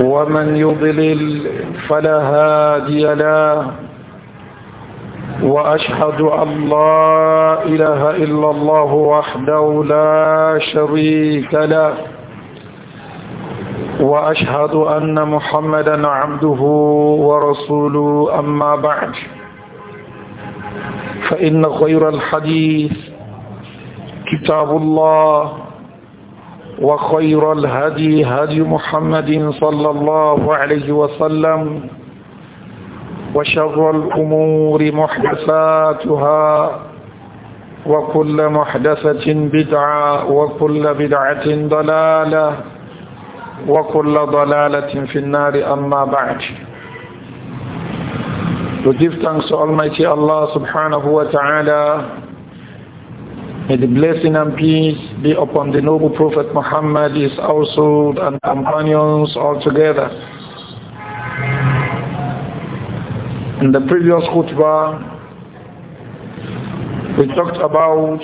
ومن يضلل فلا هادي له وأشهد أن لا إله إلا الله وحده لا شريك له وأشهد أن محمدا عبده ورسوله أما بعد فإن خير الحديث كتاب الله وخير الهدي هدي محمد صلى الله عليه وسلم وشر الأمور محدثاتها وكل محدثة بدعة وكل بدعة ضلالة وكل ضلالة في النار أما بعد To give thanks to Almighty Allah subhanahu wa ta'ala May the blessing and peace be upon the noble Prophet Muhammad, his household and companions all together. In the previous khutbah, we talked about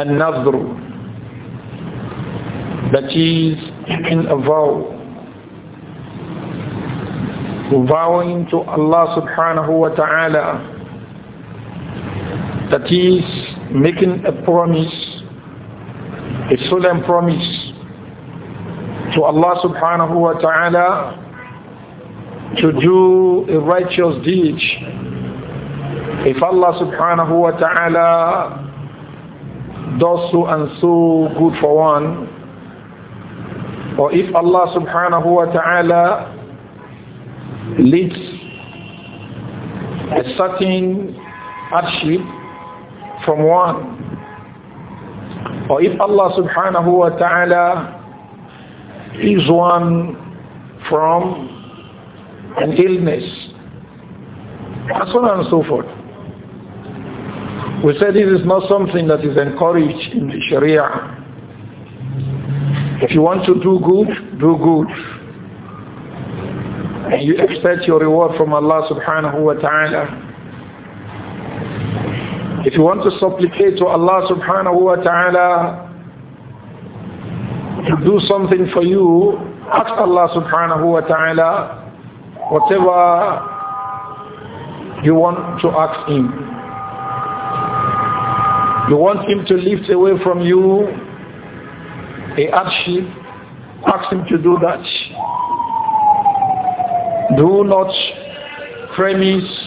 a that is in a vow vowing to Allah subhanahu wa ta'ala that is making a promise, a solemn promise to Allah subhanahu wa ta'ala to do a righteous deed. If Allah subhanahu wa ta'ala does so and so good for one, or if Allah subhanahu wa ta'ala leads a certain hardship from one. Or if Allah subhanahu wa ta'ala is one from an illness, and so on and so forth. We said this is not something that is encouraged in the Sharia. If you want to do good, do good. And you expect your reward from Allah subhanahu wa ta'ala. If you want to supplicate to Allah subhanahu wa ta'ala to do something for you, ask Allah subhanahu wa ta'ala whatever you want to ask Him. You want Him to lift away from you a hardship, ask Him to do that. Do not premise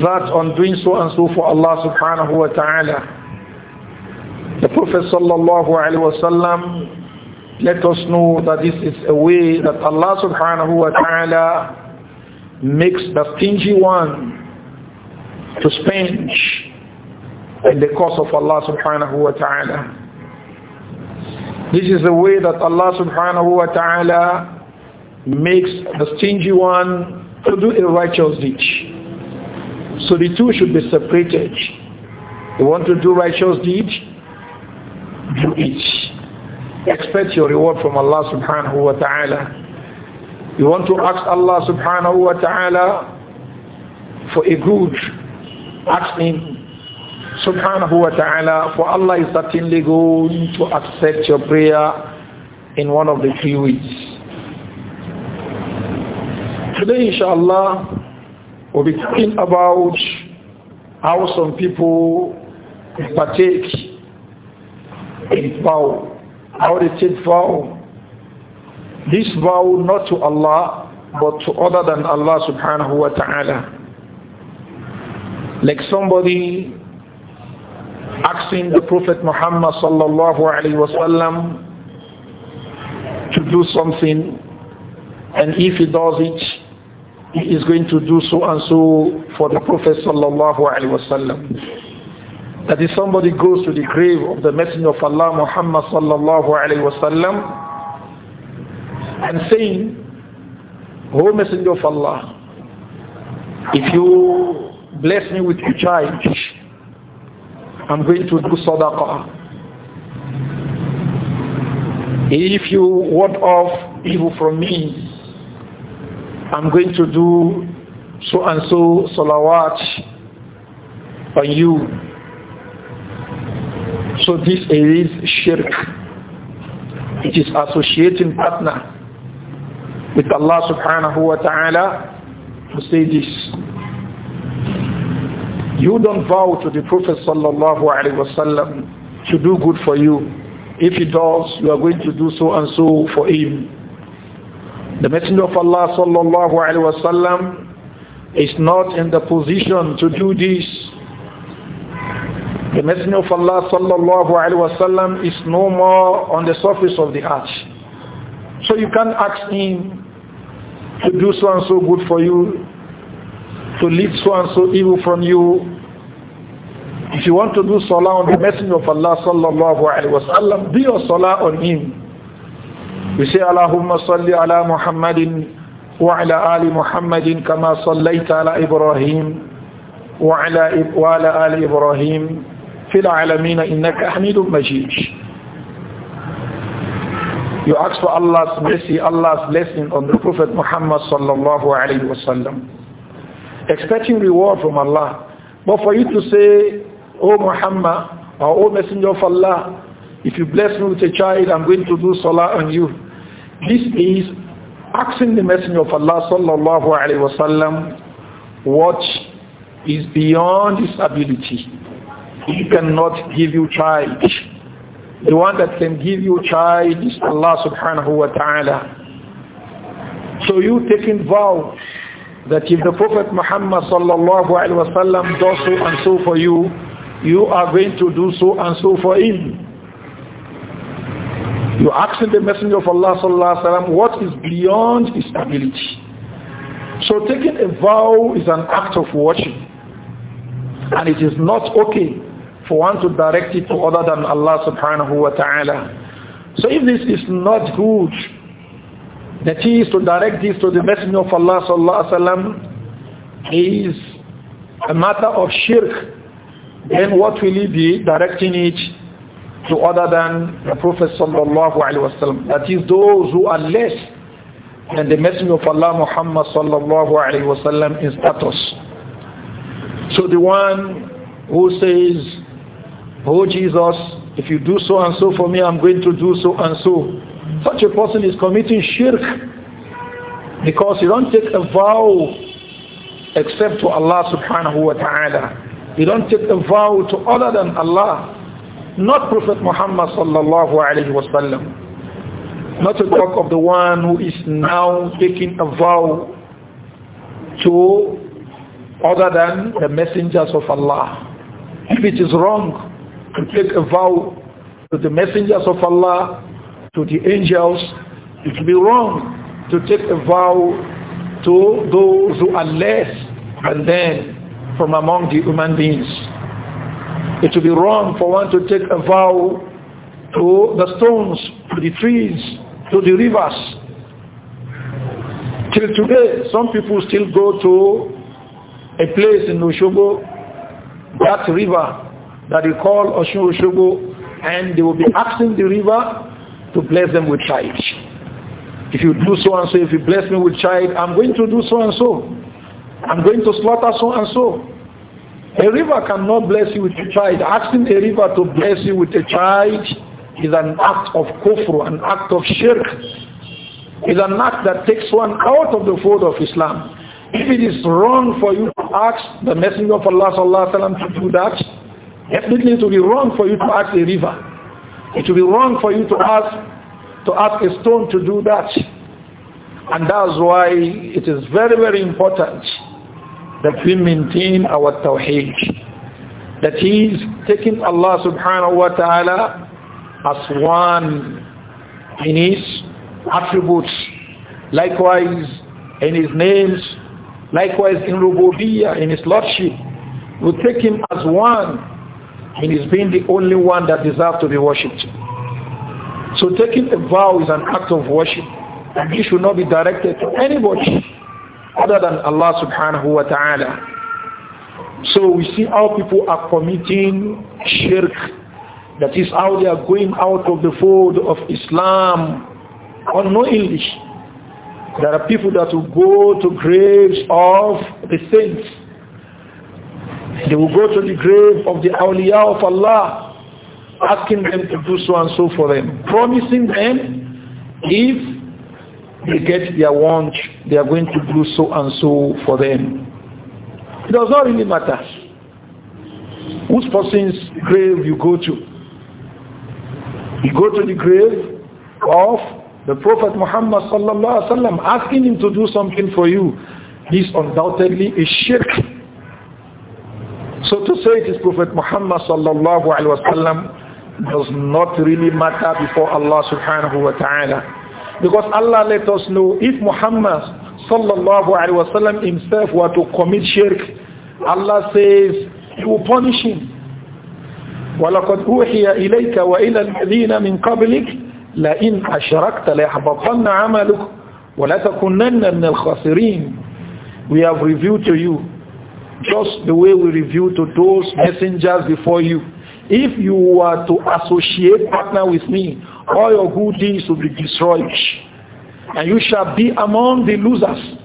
that on doing so and so for Allah subhanahu wa ta'ala. The Prophet sallallahu alaihi wasallam let us know that this is a way that Allah subhanahu wa ta'ala makes the stingy one to spend in the cause of Allah subhanahu wa ta'ala. This is the way that Allah subhanahu wa ta'ala makes the stingy one to do a righteous deed. So the two should be separated. You want to do righteous deeds? Do it. Expect your reward from Allah subhanahu wa ta'ala. You want to ask Allah subhanahu wa ta'ala for a good? Ask Him subhanahu wa ta'ala for Allah is certainly going to accept your prayer in one of the three weeks. Today inshallah We'll be talking about how some people partake in vow, how they take vow. This vow not to Allah, but to other than Allah subhanahu wa ta'ala. Like somebody asking the Prophet Muhammad sallallahu alaihi wasallam to do something, and if he does it, he is going to do so and so for the Prophet sallallahu alaihi wasallam. That if somebody goes to the grave of the Messenger of Allah Muhammad sallallahu alaihi wasallam and saying, "O Messenger of Allah, if you bless me with your child, I'm going to do sadaqah." If you ward off evil from me, I'm going to do so and so salawat on you. So this is shirk. It is associating partner with Allah subhanahu wa ta'ala to say this. You don't vow to the Prophet sallallahu alaihi wasallam to do good for you. If he does, you are going to do so and so for him. The Messenger of Allah sallallahu alaihi wasallam is not in the position to do this. The Messenger of Allah sallallahu alaihi wasallam is no more on the surface of the earth. So you can't ask him to do so and so good for you, to leave so and so evil from you. If you want to do salah on the Messenger of Allah sallallahu alaihi wasallam, do your salah on him. We say, Allahumma salli ala Muhammadin wa ala ali Muhammadin kama sallaita ala Ibrahim wa ala, wa ala ali Ibrahim fil innaka hamidun majid. You ask for Allah's mercy, Allah's blessing on the Prophet Muhammad sallallahu alayhi wa Expecting reward from Allah. But for you to say, O oh Muhammad, or O oh Messenger of Allah, if you bless me with a child, I'm going to do salah on you. This is asking the Messenger of Allah sallallahu alaihi wasallam what is beyond his ability. He cannot give you child. The one that can give you child is Allah subhanahu wa ta'ala. So you taking vow that if the Prophet Muhammad sallallahu alaihi wasallam does so and so for you, you are going to do so and so for him. You're asking the Messenger of Allah sallallahu alaihi wasallam what is beyond his ability. So taking a vow is an act of worship. And it is not okay for one to direct it to other than Allah subhanahu wa ta'ala. So if this is not good, that he is to direct this to the Messenger of Allah sallallahu alaihi wasallam is a matter of shirk, then what will he be directing it to other than the Prophet sallallahu alaihi wasallam. That is those who are less than the Messenger of Allah Muhammad sallallahu alaihi wasallam in status. So the one who says, "Oh Jesus, if you do so and so for me, I'm going to do so and so," such a person is committing shirk because you don't take a vow except to Allah subhanahu wa taala. You don't take a vow to other than Allah not Prophet Muhammad sallallahu alayhi wasallam. Not to talk of the one who is now taking a vow to other than the messengers of Allah. If it is wrong to take a vow to the messengers of Allah, to the angels, it will be wrong to take a vow to those who are less and then from among the human beings. It would be wrong for one to take a vow to the stones, to the trees, to the rivers. Till today, some people still go to a place in Oshogo, that river that they call Oshogo, and they will be asking the river to bless them with child. If you do so and so, if you bless me with child, I'm going to do so and so. I'm going to slaughter so and so. A river cannot bless you with a child. Asking a river to bless you with a child is an act of kufr, an act of shirk. It's an act that takes one out of the fold of Islam. If it is wrong for you to ask the Messenger of Allah sallallahu alaihi wasallam to do that, definitely it will be wrong for you to ask a river. It will be wrong for you to ask to ask a stone to do that. And that's why it is very, very important that we maintain our tawheed. is taking Allah subhanahu wa ta'ala as one in his attributes, likewise in his names, likewise in rububiyyah, in his lordship. We take him as one in his being the only one that deserves to be worshipped. So taking a vow is an act of worship and he should not be directed to anybody other than Allah subhanahu wa ta'ala. So we see how people are committing shirk. That is how they are going out of the fold of Islam unknowingly. There are people that will go to graves of the saints. They will go to the grave of the awliya of Allah asking them to do so and so for them, promising them if they get their want, they are going to do so and so for them. It does not really matter whose person's grave you go to. You go to the grave of the Prophet Muhammad sallallahu alaihi wasallam, asking him to do something for you. This undoubtedly is shirk. So to say it is Prophet Muhammad sallallahu alaihi wasallam does not really matter before Allah subhanahu wa ta'ala. Because Allah let us know if Muhammad sallallahu alaihi wasallam himself were to commit shirk, Allah says he will punish him. وَلَقَدْ أُوحِيَ إِلَيْكَ وَإِلَى الَّذِينَ مِنْ قَبْلِكَ لَإِنْ أَشْرَكْتَ لَيَحْبَطَنَّ عَمَلُكَ وَلَتَكُنَّنَّ مِنَ الْخَاسِرِينَ We have revealed to you just the way we revealed to those messengers before you. If you were to associate partner with me all your good deeds will be destroyed and you shall be among the losers.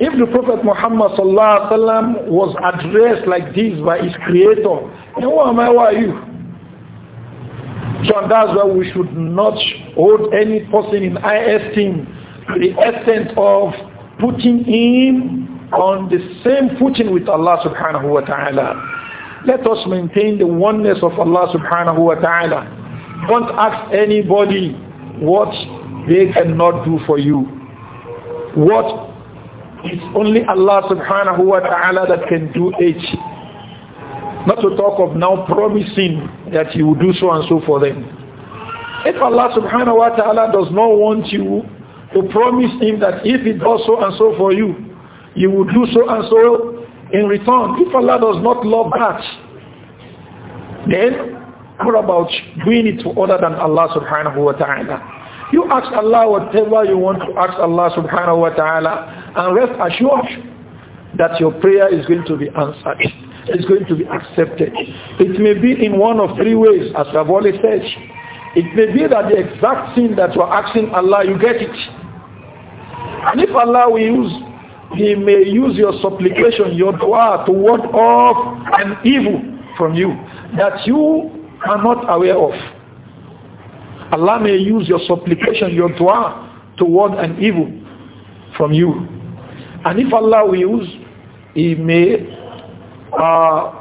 If the Prophet Muhammad sallam, was addressed like this by his creator, then who am I, who are you? So that's why we should not hold any person in high esteem to the extent of putting him on the same footing with Allah subhanahu wa ta'ala. Let us maintain the oneness of Allah subhanahu wa ta'ala. Don't ask anybody what they cannot do for you. What is only Allah subhanahu wa ta'ala that can do it. Not to talk of now promising that He will do so and so for them. If Allah subhanahu wa ta'ala does not want you to promise Him that if He does so and so for you, you will do so and so in return. If Allah does not love that, then care about doing it to other than Allah subhanahu wa ta'ala. You ask Allah whatever you want to ask Allah subhanahu wa ta'ala and rest assured that your prayer is going to be answered. It's going to be accepted. It may be in one of three ways, as I've already said. It may be that the exact thing that you're asking Allah, you get it. And if Allah will use, He may use your supplication, your dua to ward off an evil from you that you are not aware of. Allah may use your supplication, your dua toward an evil from you. And if Allah wills, He may uh,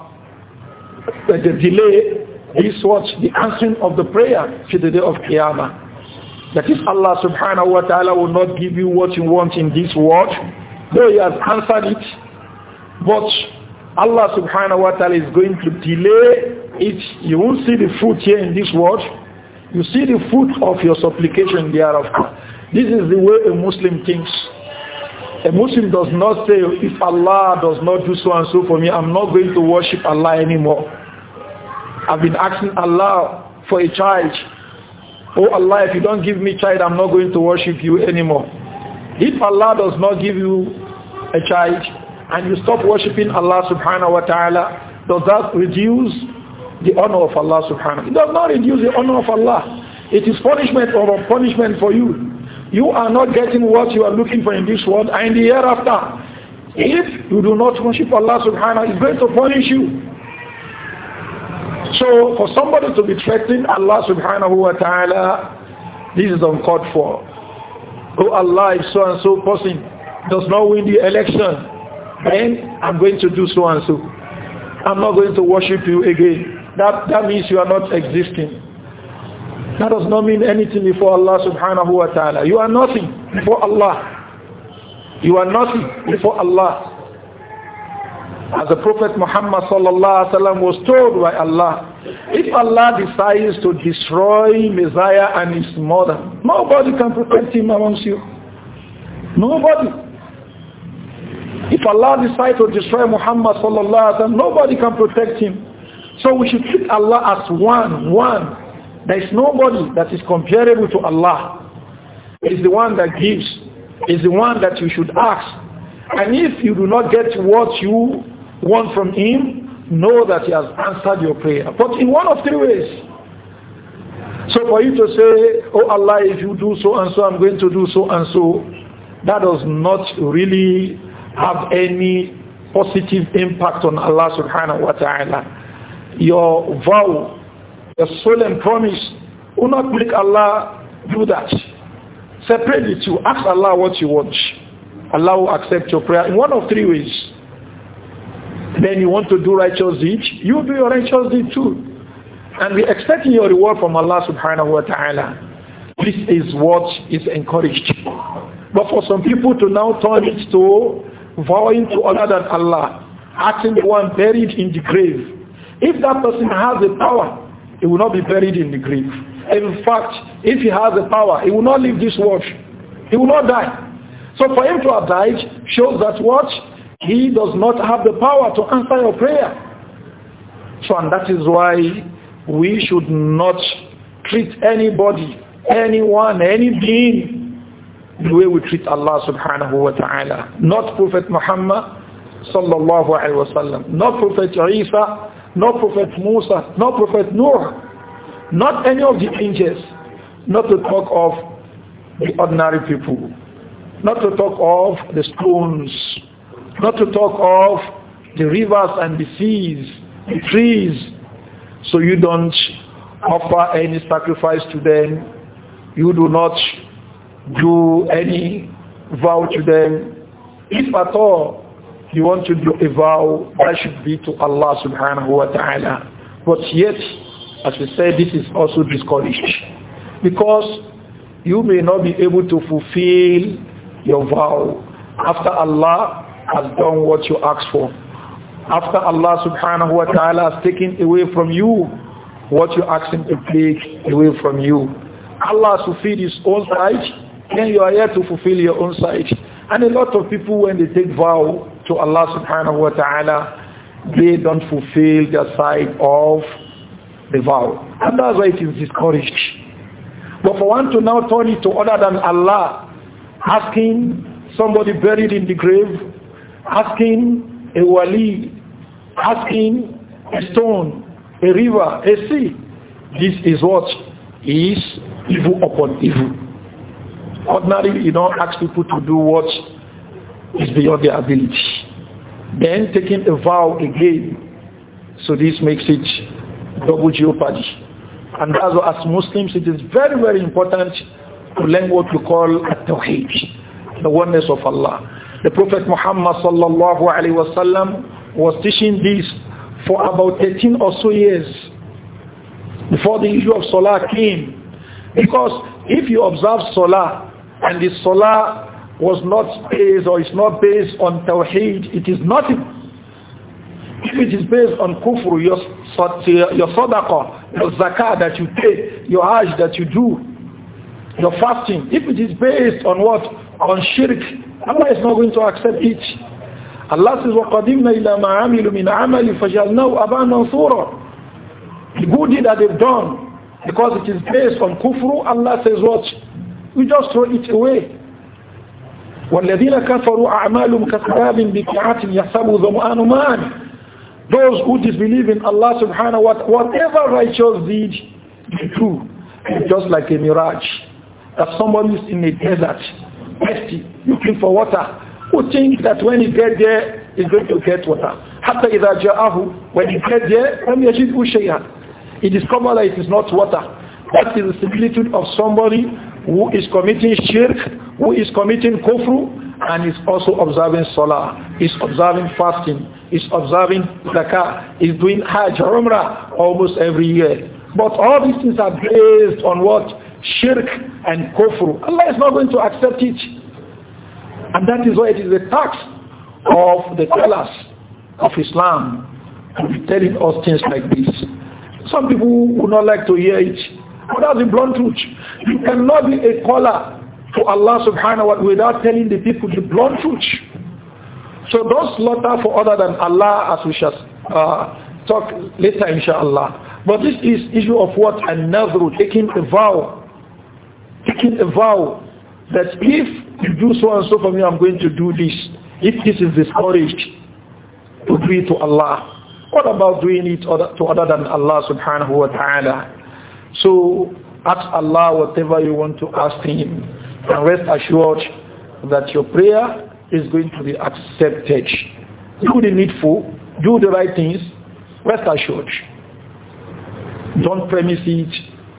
uh delay this what the answering of the prayer to the day of Qiyamah. That is Allah subhanahu wa ta'ala will not give you what you want in this world, though he has answered it, but Allah subhanahu wa ta'ala is going to delay it, you won't see the fruit here in this world. You see the fruit of your supplication thereafter. This is the way a Muslim thinks. A Muslim does not say, if Allah does not do so and so for me, I'm not going to worship Allah anymore. I've been asking Allah for a child. Oh Allah, if you don't give me child, I'm not going to worship you anymore. If Allah does not give you a child and you stop worshiping Allah subhanahu wa ta'ala, does that reduce the honor of Allah subhanahu It does not reduce the honor of Allah. It is punishment or punishment for you. You are not getting what you are looking for in this world and in the hereafter. If you do not worship Allah subhanahu it's going to punish you. So for somebody to be threatening Allah subhanahu wa ta'ala, this is uncalled for. Oh Allah, if so and so person does not win the election, then I'm going to do so and so. I'm not going to worship you again that, that means you are not existing. That does not mean anything before Allah subhanahu wa ta'ala. You are nothing before Allah. You are nothing before Allah. As the Prophet Muhammad sallallahu alaihi wasallam was told by Allah, if Allah decides to destroy Messiah and his mother, nobody can protect him amongst you. Nobody. If Allah decides to destroy Muhammad sallallahu alaihi wasallam, nobody can protect him. So we should treat Allah as one, one. There is nobody that is comparable to Allah. Is the one that gives. Is the one that you should ask. And if you do not get what you want from him, know that he has answered your prayer. But in one of three ways. So for you to say, oh Allah, if you do so and so, I'm going to do so and so, that does not really have any positive impact on Allah subhanahu wa ta'ala your vow, your solemn promise, will not make Allah do that. Separate the two. Ask Allah what you want. Allah will accept your prayer in one of three ways. Then you want to do righteous deed, you do your righteous deed too. And we expect expecting your reward from Allah subhanahu wa ta'ala. This is what is encouraged. But for some people to now turn it to vowing to other than Allah, asking the one buried in the grave, if that person has the power, he will not be buried in the grave. In fact, if he has the power, he will not leave this world. He will not die. So for him to have died shows that what? He does not have the power to answer your prayer. So and that is why we should not treat anybody, anyone, any being the way we treat Allah subhanahu wa ta'ala. Not Prophet Muhammad sallallahu alayhi wa sallam. Not Prophet Isa not Prophet Musa, not Prophet Noah, not any of the angels, not to talk of the ordinary people, not to talk of the stones, not to talk of the rivers and the seas, the trees. So you don't offer any sacrifice to them. You do not do any vow to them. If at all you want to do a vow, that should be to Allah subhanahu wa ta'ala. But yet, as we say, this is also discouraged. Because you may not be able to fulfill your vow after Allah has done what you asked for. After Allah subhanahu wa ta'ala has taken away from you what you asked him to take away from you. Allah has fulfilled his own side, then you are here to fulfill your own side. And a lot of people when they take vow, to Allah subhanahu wa ta'ala, they don't fulfill their side of the vow. And that's why it is discouraged. But for one to now turn it to other than Allah, asking somebody buried in the grave, asking a wali, asking a stone, a river, a sea, this is what is evil upon evil. Ordinarily, you don't ask people to do what is beyond their ability. Then taking a vow again, so this makes it double jeopardy. And also as Muslims, it is very, very important to learn what we call at-tawheed, the oneness of Allah. The Prophet Muhammad sallallahu alaihi wasallam was teaching this for about 13 or so years before the issue of Salah came. Because if you observe Salah and the Salah was not based or is not based on Tawheed, it is nothing. If it is based on kufr, your, your your zakah that you pay, your hajj that you do, your fasting, if it is based on what? On shirk, Allah is not going to accept it. Allah says, وَقَدِمْنَا إِلَى مَا عَمِلُوا مِنْ عَمَلِ فَجَلْنَاهُ أَبَانًا صُورًا The good deed that they've done, because it is based on kufr, Allah says what? We just throw it away. وَالَّذِينَ كَفَرُوا أَعْمَالُمْ كَسْرَابٍ بِكِعَةٍ ظَمْآنُ Those who disbelieve in Allah subhanahu wa ta'ala, whatever righteous deed they do, just like a mirage, that somebody is in a desert, thirsty, looking for water, who think that when he gets there, he's going to get water. حَتَّى إِذَا جَاءَهُ When he gets there, لَمْ يَجِدْهُ شَيْئًا He discovers that it is not water. That is the similitude of somebody who is committing shirk who is committing kufru and is also observing salah, is observing fasting, is observing zakah, is doing hajj, umrah almost every year. But all these things are based on what? Shirk and kufru. Allah is not going to accept it. And that is why it is the tax of the tellers of Islam to be telling us things like this. Some people would not like to hear it. But that's the blunt truth. You cannot be a caller to Allah subhanahu wa ta'ala without telling the people the blunt truth. So don't slaughter for other than Allah as we shall uh, talk later inshallah. But this is issue of what? Another taking a vow. Taking a vow that if you do so and so for me, I'm going to do this. If this is discouraged, to be to Allah. What about doing it other, to other than Allah subhanahu wa ta'ala? So ask Allah whatever you want to ask him. And rest assured that your prayer is going to be accepted. Do the needful, do the right things, rest assured. Don't premise it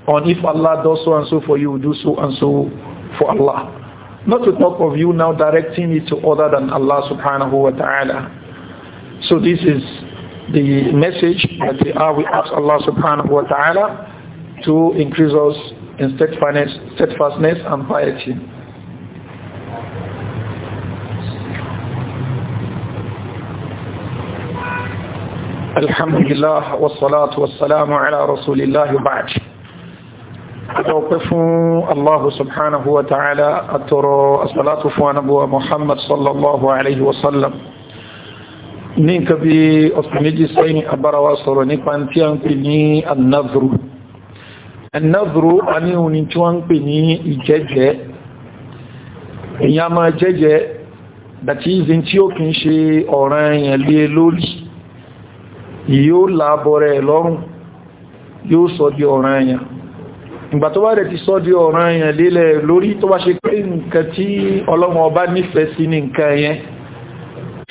on if Allah does so and so for you, do so and so for Allah. Not to talk of you now directing it to other than Allah subhanahu wa ta'ala. So this is the message that we are. We ask Allah subhanahu wa ta'ala to increase us in steadfastness and piety. alhamdulillah wasalatu wasalamu ala rasulillahi ba'd adọ́pẹ́ fún allahu subhanahu wa ta'ala àtọrọ asalatu fún muhammad sallallahu alaihi wasallam ní nǹkan bí ọ̀sán méjì sẹ́yìn abárawa sọ̀rọ̀ ẹ̀nàdúró aníhun ni tí wọ́n ń pè ní ìjẹ́jẹ́ èyàn máa jẹ́jẹ́ dàtí ìzin tí ó kìí ṣe ọ̀ràn èyàn lé e lórí yóò láàbọ̀ rẹ̀ lọ́rùn yóò sọ di ọ̀ràn èyàn ìgbà tó bá rẹ̀ ti sọ di ọ̀ràn èyàn lélẹ̀ e lórí tó bá ṣe pé nǹkan tí ọlọ́run ọba nífẹ̀ẹ́ sí ní nǹkan yẹn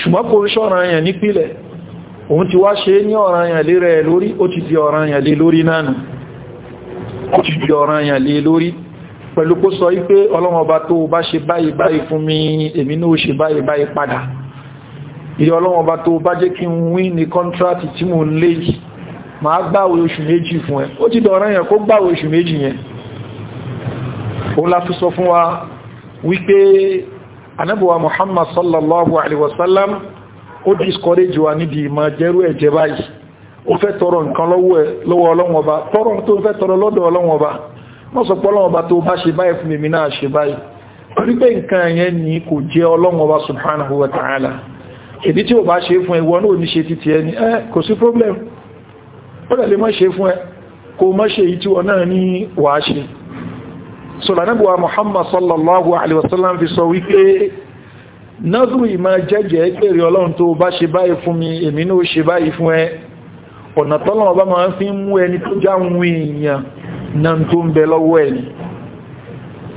ṣùgbọ́n kò ṣọ́ràn èyàn nípìlẹ̀ òun ti wá ṣe ní ọ̀ràn èyàn lé e lórí ó ti di ọ̀ràn èyàn lé lórí náà ó ti di ọ̀ràn yàn lé lórí pẹ̀lú kó sọ wípé ọlọ́run ọba tó bá ṣe báyìí báyìí fún mi èmi náà ṣe báyìí báyìí padà ìyẹ́ ọlọ́run ọba tó bá jẹ́ kí n wí ní kọ́ntrátì tí mo ń lé yìí máa gbàwé oṣù méjì fún ẹ Muhammad sallallahu alaihi wasallam ó discourage wa níbi ìmọ̀ ó fẹ́ tọrọ nǹkan lọ́wọ́ ẹ lọ́wọ́ ọlọ́wọ́n ọba tọrọ tó fẹ́ tọrọ lọ́dọ̀ ọlọ́wọ́n ọba wọ́n sọ pé ọlọ́wọ́n ọba tó bá ṣe báyìí fún mi náà ṣe báyìí torí pé nǹkan yẹn ni kò jẹ́ ọlọ́wọ́n ọba subhanahu wa ta'ala èdè tí ò bá ṣe fún ẹwọ náà ní ṣe problem ó lè mọ́ ṣe fún ẹ kò mọ́ ṣe ìtí wọn Muhammad sallallahu alaihi wasallam fi sọ wípé nazuru ìmá jẹ́jẹ́ pèrè ọlọ́run tó bá ṣe báyìí fún mi èmi náà ṣe báyìí fún ẹ ọ̀nà tọ́lọ̀wọ́ bá máa fi ń mú ẹni tó jáwọn èèyàn na tó ń bẹ lọ́wọ́ ẹni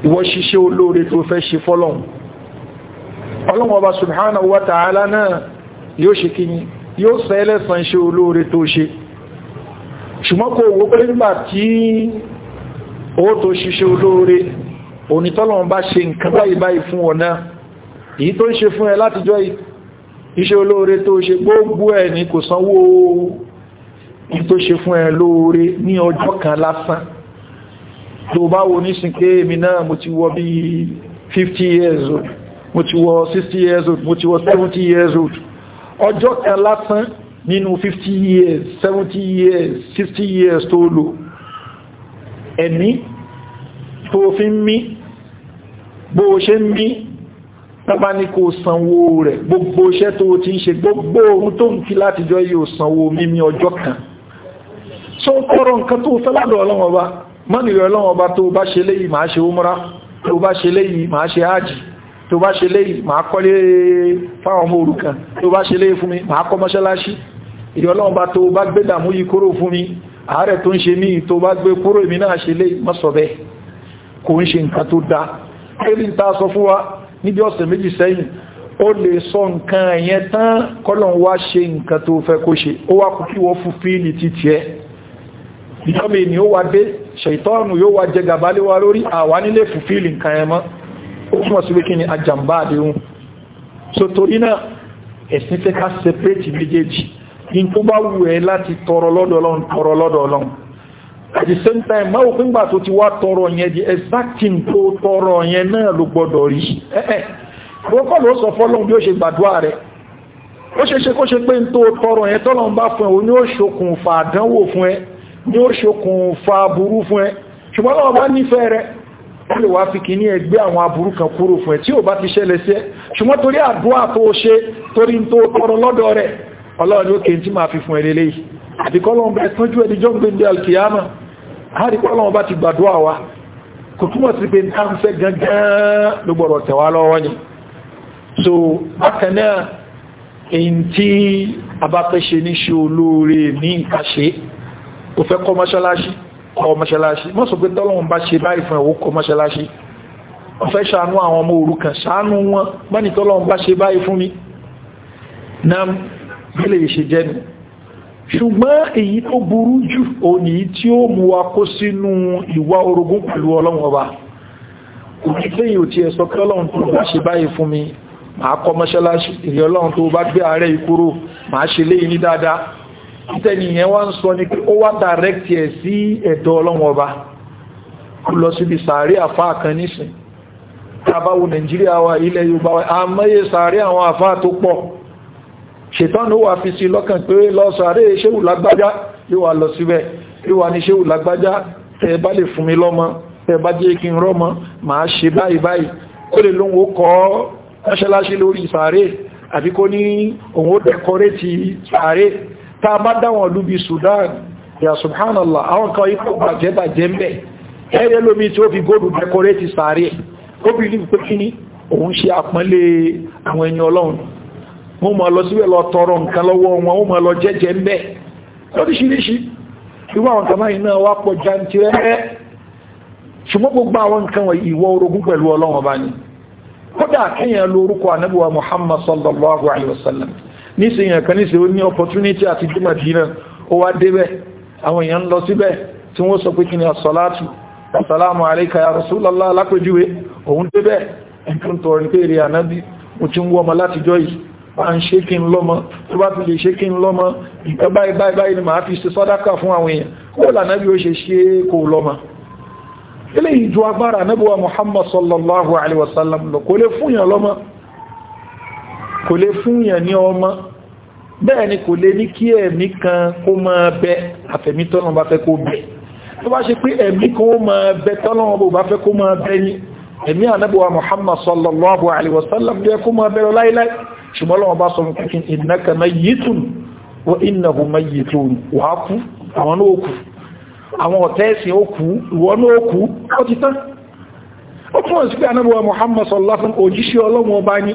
ìwọ ṣiṣẹ́ olóore tó fẹ́ ṣe fọ́lọ̀un ọlọ́wọ́ bá subhanahu wa ta'ala náà yóò ṣe kíni yóò sọ ẹlẹ́sàn ṣe olóore tó ṣe ṣùgbọ́n kò wó olóore tó ṣe gbogbo ẹ̀ ní kò sanwó tó ṣe fún ẹ lóore ní ọjọ́ kan lásán tó bá wo nísìn pé èmi náà mo ti wọ bí 50 years old mo ti wọ 60 years old mo ti wọ 70 years old ọjọ́ kan lásán nínú 50 years 70 years 60 years tó lò ẹ̀mí tó fi ń mí bó ṣe ń mí tọ́bá ní kò sanwó rẹ̀ gbogbo iṣẹ́ tó ti ń ṣe gbogbo ohun tó ń kí látijọ́ yóò sanwó mímí ọjọ́ kan so tọrọ nǹkan tó sọ́lọ́dọ̀ ọlọ́wọ́ bá mọ́nìyàn ọlọ́wọ́ bá tó bá ṣe léyìí máa ṣe umra tó bá ṣe léyìí máa ṣe ájì tó bá ṣe léyìí máa kọ́lé fáwọn ọmọ òrukàn tó bá ṣe léyìí fún mi máa kọ́ mọ́ṣáláṣí ìrì ọlọ́wọ́ bá tó bá gbé dàmú yìí kúrò fún wa níbi ọ̀sẹ̀ méjì sẹ́yìn ó lè sọ nǹkan ẹ̀yẹn tán kọ́lọ̀ wá ṣe nǹkan tó fẹ́ kó ṣe ó wá kú kí wọ́n fún fíìlì títí ẹ́ ìjọba ènìyàn ó wá dé ṣètọ́nù yóò wá jẹ gàbálé wa lórí àwa nílé fùfíìlì nǹkan ẹ ó túnmọ̀ sí wíkí ni àjàmbá àdéhùn so torí náà ẹ̀sìn fẹ́ ká separate méjèèjì ní tó bá wù ẹ́ láti tọrọ lọ́dọ̀ ọlọ́run tọrọ lọ́dọ̀ ọlọ́run at the same time máa òfin gbà tó ti di exacting tó tọrọ yẹn náà ló gbọdọ̀ rí ẹ̀ẹ́ kọ́ ló sọ fọ́lọ́run bí ó ṣe gbàdúrà rẹ̀ ó ṣe kó ṣe pé ń tó tọrọ yẹn tọ́lọ́run bá fún ẹ òní ó ṣokùnfà àdánwò fún ẹ ni ó fa aburú fún ẹ ṣùgbọ́n náà bá nífẹ̀ẹ́ rẹ ó lè wá fi kì ní ẹgbẹ́ àwọn aburú kan kúrò fún ẹ tí ò bá ti ṣẹlẹ̀ sí ẹ ṣùgbọ́n torí àdúrà tó ṣe torí tó tọrọ lọ́dọ̀ rẹ ọlọ́run ló kéntí máa fi fún ẹ lélẹ́yìí àdìkọ́lọ́run bẹ ni so èyí tí a bá fẹ́ ṣe ní ṣe olóore ní ìkàṣe o fẹ́ kọ́ mọ́ṣáláṣí kọ́ mọ́ṣáláṣí mọ́ sọ pé tọ́lọ́run bá ṣe báyìí fún ẹ ó kọ́ mọ́ṣáláṣí o fẹ́ ṣàánú àwọn ọmọ òrukàn ṣàánú wọn mọ́ni tọ́lọ́run bá ṣe báyìí fún mi náà bẹ́lẹ̀ ṣe jẹ́ ni ṣùgbọ́n èyí tó burú jù òní tí ó mú wa kó sínú ìwà orogún pẹ̀lú ọlọ́run ṣe léyìn ní dáadáa tẹ́nìyàn wá ń sọ ní pé ó wá direct ẹ̀ sí ẹ̀dọ̀ ọlọ́wọ́n ọba lọ síbi sàárè àfáà kan nísìn tabawo nàìjíríà wa ilẹ̀ yorùbá wa àmọ́yé sàárè àwọn àfáà tó pọ̀ ṣètọ́nù wà fi sí lọ́kàn pé lọ sàárè ṣéwù lágbájá yóò wà lọ síbẹ̀ yóò wà ní ṣéwù lágbájá tẹ́ bá lè fún mi lọ́mọ tẹ́ bá jẹ́ kí n rọ́mọ màá ṣe báyìí báyìí ó lè lóhun ó kọ́ mọ́ṣáláṣí lórí sàárè àbí kó ní òun ó dẹkọrétì sàárè ta bá dáwọn ìlú bí Sudan ya subhanallah àwọn kan ipò bàjẹ́bà jẹ́mbẹ̀ ẹ̀rẹ́ lómi tí ó fi góòdù dẹkọrẹ́tì sàárẹ̀ ó bí ní pé kíní òun ṣe àpọ́nlé àwọn ẹni ọlọ́run mo ma lọ síbẹ̀ lọ tọrọ nǹkan lọ́wọ́ wọn ó ma lọ jẹ́jẹ́ ń bẹ̀ lóríṣiríṣi irú àwọn kan báyìí náà wá pọ̀ jantirẹ́rẹ́ ṣùgbọ́n kódà kéèyàn lo orúkọ Muhammad sallallahu alaihi wasallam nísìnyàn kan nísìn ó ní opportunity àti dé Madina ó wá débẹ̀ àwọn èèyàn lọ síbẹ̀ tí wọ́n sọ pé kí ni asọ́látù asalamu alaika ya rasulallah alápẹjúwe òun débẹ̀ nǹkan tọrọ ní pé èrè ànábí mo ti ń wọ́mọ láti jọ yìí bá ń ṣe kí n lọ́mọ tó bá fi lè ṣe kí n lọ́mọ nǹkan wa Muhammad sallallahu alaihi wasallam lọ kó kò lè fún yàn ní ọmọ bẹ́ẹ̀ ni kò lè ní kí ẹ̀mí kan kó máa bẹ àfẹ̀mí tọ́lọ́ bá fẹ́ kó bẹ tó bá ṣe pé ẹ̀mí kan ó máa bẹ tọ́lọ́ bá fẹ́ kó máa bẹ ní ẹ̀mí ànábọ̀wà Muhammad sallallahu alaihi wasallam bẹ́ẹ̀ kó máa bẹ̀rọ láíláí ṣùgbọ́n lọ́wọ́ bá sọ fún kíkín innaka mayyitun wa innahum mayyitun wà kú àwọn náà kú Muhammad sallallahu alaihi wasallam òjíṣẹ́ ọlọ́run ọba ní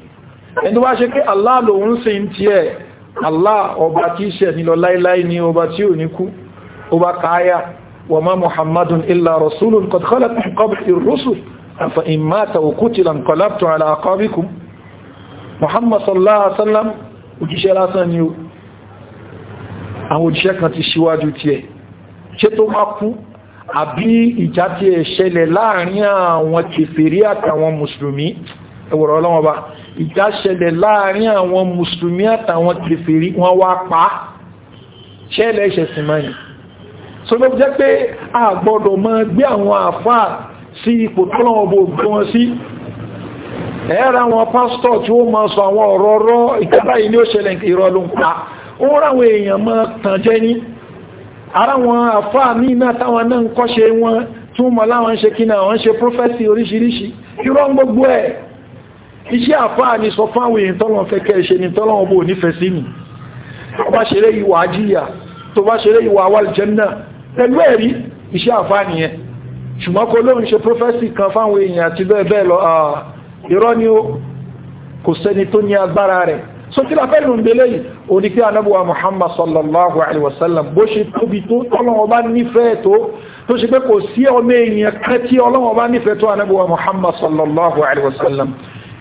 ẹni wá ṣe pé Allah lòun sí ń tí ẹ̀ Allah ọba tí ṣẹ̀ nílọ láíláí ni ọba tí ò ní kú ọba káyà wa ma Muhammadun illa rasulun qad khalat min qablihi ar-rusul afa in mata aw qutila inqalabtum ala aqabikum Muhammad sallallahu alaihi wasallam òjíṣẹ́ àbí ìjà tí ẹ̀ láàrin àwọn kèfèrí àtàwọn mùsùlùmí ẹwọ̀rọ̀ ọlọ́wọ́ bá ìjà láàrin àwọn mùsùlùmí àtàwọn kèfèrí wọ́n wá pa ṣẹlẹ̀ ìṣẹ̀sìn mọ́ ni so ló jẹ́ pé a gbọ́dọ̀ máa gbé àwọn àfáà sí ipò tọ́lọ́wọ́ bó gbé wọn sí ẹ̀ẹ́ra wọn pásítọ̀ tí ó máa sọ àwọn ọ̀rọ̀ ọ̀rọ̀ ìkàbá ilé ó ṣẹlẹ̀ ìrọ̀ ló ń pa ara wọn àfáà ní iná táwọn náà ń kọ́ṣe wọn tún mọ̀ láwọn ṣe kí náà wọ́n ṣe prófẹ́sì oríṣiríṣi irọ́ gbogbo ẹ̀ iṣẹ́ àfáà ni sọ fáwọn èèyàn tọ́lọ̀ fẹ́kẹ́ ṣe ni tọ́lọ̀ ọbọ̀ onífẹ́ sí mi tó bá ṣeré ìwà ajíyà tó bá ṣeré ìwà awàlìjẹ́nà pẹ̀lú ẹ̀rí iṣẹ́ àfáà nìyẹn ṣùgbọ́n kó lóun ṣe prófẹ́sì kan fáwọn èèyàn àti bẹ́ẹ̀ tó so kí la fẹ́ lò Muhammad sallallahu alaihi wasallam bó ṣe tóbi tó tọ́lọ̀ ọba nífẹ̀ẹ́ tó tó ṣe pé kò sí ọmọ èèyàn kẹ́tí ọlọ́wọ́ bá nífẹ̀ẹ́ tó anábùwà Muhammad sallallahu alaihi wasallam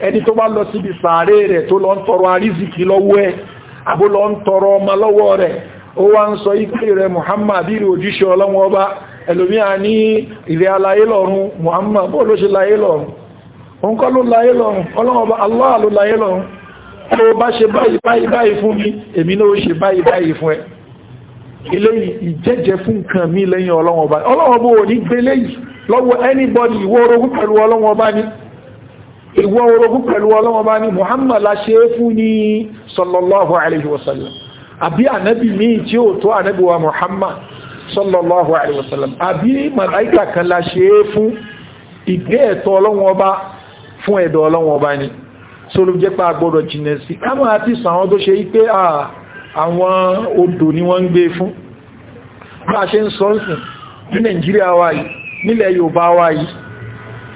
ẹni tó bá lọ síbi sàárè rẹ̀ tó lọ ń tọrọ àrízìkì lọ́wọ́ ẹ̀ àbó lọ ń tọrọ ọmọ lọ́wọ́ rẹ̀ ó wá ń sọ ìpè rẹ̀ Muhammad rí òjíṣẹ́ ọlọ́wọ́ ọba ẹlòmíà ní ilẹ̀ alayé lọ́run Allah ló láyé lọ́run tó bá ṣe báyìí báyìí báyìí fún mi èmi náà ó ṣe báyìí báyìí fún ẹ eléyìí ìjẹ́jẹ́ fún lọ́wọ́ anybody ìwọ́ orogún pẹ̀lú ọlọ́wọ́ ọba ni ìwọ orogún pẹ̀lú ọlọ́wọ́ bá ní muhammad la ṣe é fún ní sallallahu alaihi wasallam àbí ànábì míì tí ó tó ànábì wa muhammad sallallahu alaihi wasallam àbí màláìkà kan la ṣe é fún ìgbé ẹ̀tọ́ ọlọ́wọ́ bá fún ẹ̀dọ̀ ọlọ́wọ́ bá ní sólú jẹ́ pa gbọ́dọ̀ jìnà sí kámọ́ àti sàwọn tó ṣe pé àwọn odò ni wọ́n ń gbé fún bá ṣe ń sọ́nsìn ní nàìjíríà wáyìí nílẹ̀ yorùbá wáyìí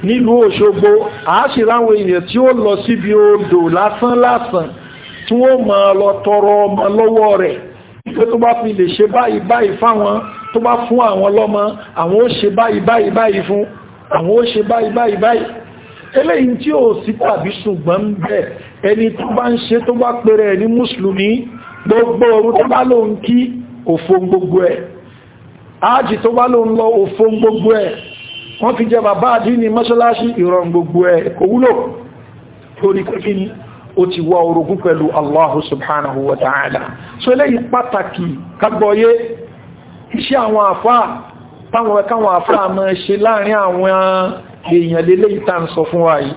nílùú Òṣogbo àáṣìráwọn èèyàn tí ó lọ síbi odò lásán lásán tí wọ́n máa lọ tọrọ ọmọ lọ́wọ́ rẹ̀ pé tó bá fi lè ṣe báyìí báyìí fáwọn tó bá fún àwọn lọ́mọ àwọn ó ṣe báyìí báyìí báyìí fún àwọn ó ṣe báyìí báyìí báyìí eléyìí tí ó sì wọ́n fi jẹ bàbá àdínì mọ́ṣálásí ìrọ̀n gbogbo ẹ̀ kò wúlò torí kí ni ó ti wá orogún pẹ̀lú Allahu subhanahu wa ta'ala so lẹ́yìn pàtàkì kagbọ́yé iṣẹ́ àwọn àfá táwọn ẹkáwọn àfá mọ́ ṣe láàrin àwọn èèyàn lélé ìta ń sọ fún wa yìí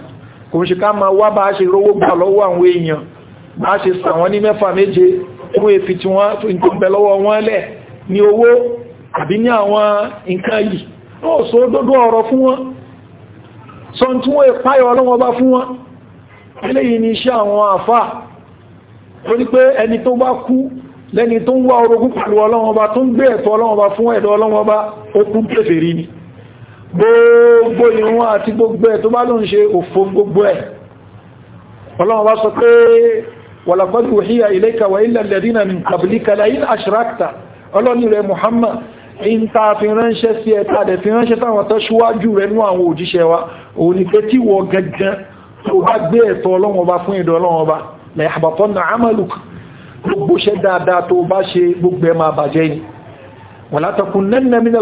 kò ń ṣe ní owó àbí ní àwọn nǹkan yìí ó sọ òdodo ọ̀rọ̀ fún wọn sọ tí wọ́n ìpáyọ̀ ọlọ́wọ́ bá fún wọn eléyìí ni iṣẹ́ àwọn àfà torí pé ẹni tó bá kú lẹ́ni tó ń wá orogún pẹ̀lú ọlọ́wọ́ bá tó ń gbé ẹ̀tọ́ ọlọ́wọ́ bá fún ẹ̀dọ́ ọlọ́wọ́ bá ó kún kèfèrí ni gbogbo ìrun àti gbogbo ẹ̀ tó bá ló ń ṣe òfò gbogbo ẹ̀ ọlọ́wọ́ bá sọ pé wàlàkọ́dù òhíyà ilayka wa illa alladhina min qablika la in ashrakta Muhammad in ta fi ránṣẹ́ sí ẹta dẹ̀ fi ránṣẹ́ táwọn tó ṣíwájú rẹ̀ nú àwọn òjíṣẹ́ wa òun ni pé tí wọ́n gangan tó bá gbé ẹ̀tọ́ ọlọ́wọ́n ọba fún ìdọ̀ ọlọ́wọ́n ọba lẹ́yàbàtọ́ na amaluk gbogbo ṣẹ́ dáadáa tó bá ṣe gbogbo ẹ̀ máa bàjẹ́ ni wọ́n látọkùn nẹ́nà min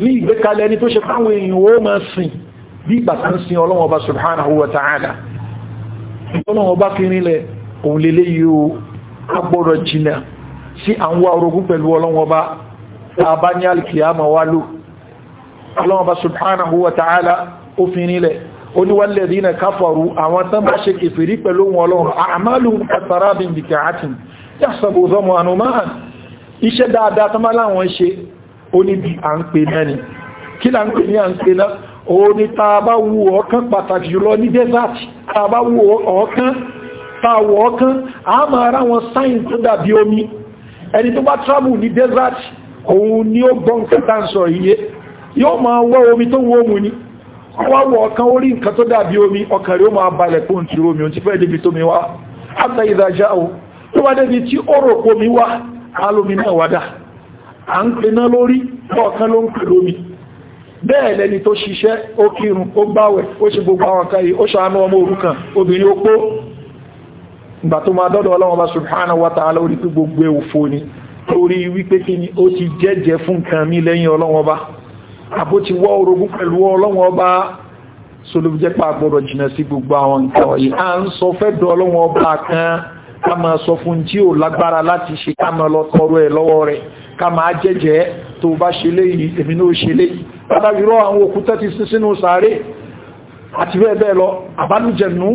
ní ìgbékalẹ̀ ẹni tó ṣe káwọn èèyàn ó máa sìn bí ìgbà kan sin ọlọ́wọ́n ọba subhanahu wa ta'ala ọlọ́wọ́n ọba kiri lẹ òun lè léyìí o agbọ́dọ̀ jìnà sí àwọn orogún pẹ̀lú ọlọ́wọ́n ọba tàbá ní alkiyama wá lò ọlọ́wọ́n ọba subhanahu wa ta'ala ó fi nílẹ̀ ó ní bá iṣẹ́ dáadáa tán bá láwọn ṣe ó níbi à ń pè náà ni kí là ń pè ní à ń pè náà ó ní tàbá wu ọkàn pàtàkì jùlọ ní desert tàbá wu ọkàn tàwọ ọkàn a máa rá wọn sáyìn tó dàbí omi ẹni tó bá travel ní desert òun ni ó gbọ́n kẹta ń sọ iye yóò máa wọ́ omi tó wọ́ omi ni wọ́n wọ ọ̀kan orí nǹkan tó dàbí omi ọkàn rí ó máa balẹ̀ kó ń ti romi o ti fẹ́ débi tómi wá àtà ìdájá o tó wá débi tí ó rò pómi wá alómi náà wádà à ń pè náà lórí ọ̀kan ló ń pè lómi bẹ́ẹ̀ lẹni tó ṣiṣẹ́ ó kírun ó gbáwẹ̀ ó ṣe gbogbo àwọn kan ó ṣàánú ọmọ òrukàn obìnrin ó pó ìgbà tó máa dọ́dọ̀ ọlọ́wọ́ bá subhanahu wa ta'ala orí pé gbogbo òfò ni torí wípé kí ni ó ti jẹ́jẹ́ fún nǹkan mi lẹ́yìn ọlọ́wọ́ bá àbó ti wọ́ orogún pẹ̀lú ọlọ́wọ́ bá solúbíjẹ́pà gbọ́dọ̀ jìnà sí gbogbo àwọn nǹkan wọ̀nyí à ń Kama máa jẹ́jẹ́ tó bá ṣe léyìí èmi náà ṣe léyìí pàtàkì rọ àwọn òkúta ti sín sínú sàárè àti bẹ́ẹ̀ bẹ́ẹ̀ lọ àbánújẹ̀nú